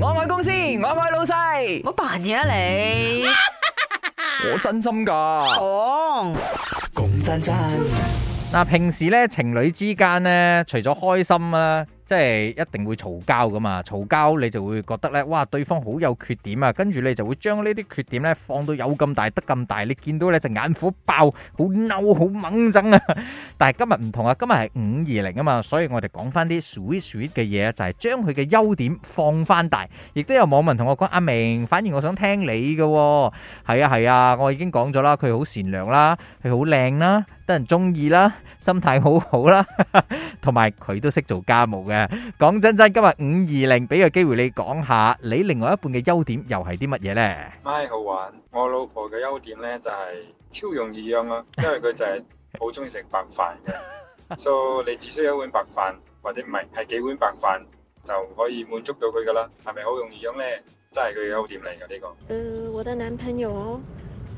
我愛公司，我愛老細。唔好扮嘢啊你！ 我真心噶。講講、哦、真真。嗱， 平時呢情侶之間呢，除咗開心啦。即係一定會嘈交噶嘛，嘈交你就會覺得咧，哇，對方好有缺點啊，跟住你就會將呢啲缺點咧放到有咁大得咁大，你見到咧就眼火爆，好嬲，好掹憎啊！但係今日唔同啊，今日係五二零啊嘛，所以我哋講翻啲 sweet sweet 嘅嘢，就係將佢嘅優點放翻大，亦都有網民同我講，阿明反而我想聽你噶，係啊係啊，我已經講咗啦，佢好善良啦，佢好靚啦，得人鍾意啦，心態好好啦，同埋佢都識做家務嘅。講真真，今日五二零，俾個機會你講下你另外一半嘅優點又係啲乜嘢呢？媽，好玩！我老婆嘅優點呢就係超容易養啊，因為佢就係好中意食白飯嘅，所以你只需要一碗白飯或者唔係係幾碗白飯就可以滿足到佢噶啦，係咪好容易養呢？真係佢嘅優點嚟噶呢個。呃，我嘅男朋友哦。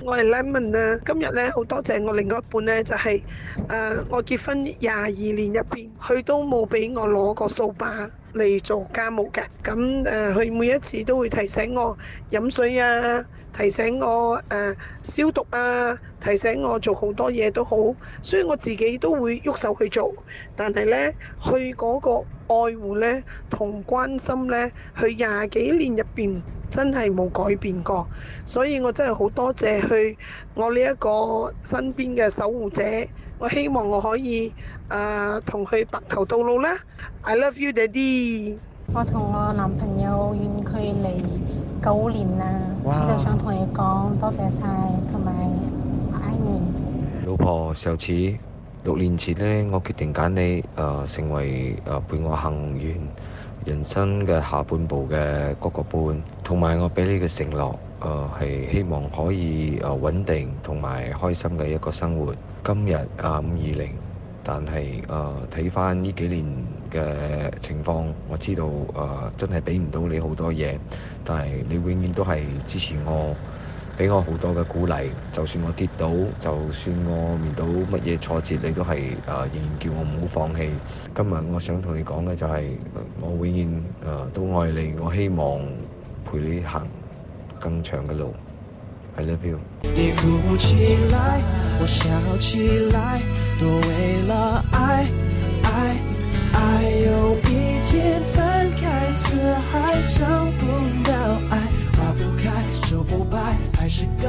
我係 Lemon 啊！今日咧好多謝我另外一半咧，就係誒我結婚廿二年入邊，佢都冇俾我攞個掃把嚟做家務㗎。咁誒，佢每一次都會提醒我飲水啊，提醒我誒消毒啊，提醒我做好多嘢都好。所以我自己都會喐手去做，但係咧，佢嗰個愛護咧同關心咧，佢廿幾年入邊。真係冇改變過，所以我真係好多謝佢，我呢一個身邊嘅守護者。我希望我可以啊同佢白頭到老啦。I love you, daddy。我同我男朋友遠距離九年啦，我就哇想同你講多謝晒，同埋我愛你。老婆，小琪。六年前呢，我決定揀你，誒、呃、成為誒、呃、陪我行完人生嘅下半部嘅嗰個伴，同埋我畀你嘅承諾，誒、呃、係希望可以誒、呃、穩定同埋開心嘅一個生活。今日啊五二零，呃、20，但係誒睇返呢幾年嘅情況，我知道誒、呃、真係畀唔到你好多嘢，但係你永遠都係支持我。俾我好多嘅鼓勵，就算我跌倒，就算我面到乜嘢挫折，你都係誒、呃，仍然叫我唔好放棄。今日我想同你講嘅就係、是，我永遠誒、呃、都愛你，我希望陪你行更長嘅路。I love you。